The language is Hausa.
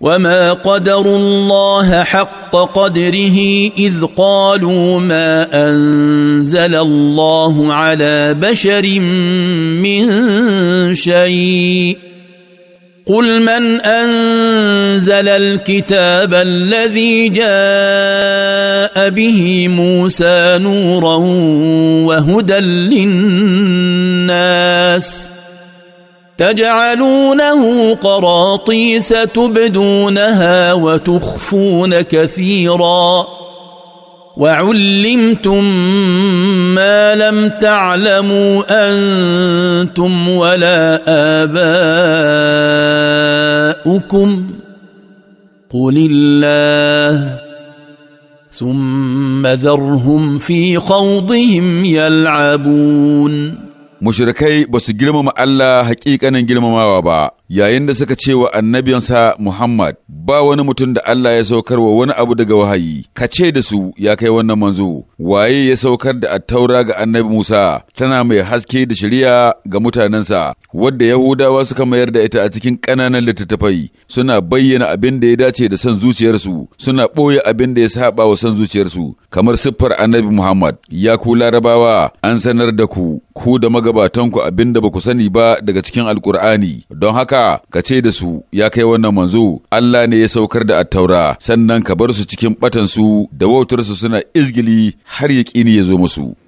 وما قدروا الله حق قدره اذ قالوا ما انزل الله على بشر من شيء قل من انزل الكتاب الذي جاء به موسى نورا وهدى للناس تجعلونه قراطيس تبدونها وتخفون كثيرا وعلمتم ما لم تعلموا انتم ولا اباؤكم قل الله ثم ذرهم في خوضهم يلعبون mushrikai ba su girmama Allah hakikanin girmamawa ba, yayin da suka ce wa annabiyansa Muhammad ba wani mutum da Allah ya saukar wa wani abu daga wahayi, ka ce da su ya kai wannan manzo, waye ya saukar da attaura ga annabi Musa tana mai haske da shirya ga mutanensa, wadda Yahudawa suka mayar da ita a cikin ƙananan littattafai, suna bayyana abin da ya dace da son zuciyarsu, suna ɓoye abin da ya saba wa son zuciyarsu, kamar siffar annabi Muhammad, ya ku larabawa an sanar da ku, ku da magabatanku abin da ba ku sani ba daga cikin alkur'ani, don haka ka ka ce da su ya kai wannan manzo Allah ne ya saukar da attaura sannan ka bar su cikin batansu da wautarsu suna izgili har yaƙini ya zo musu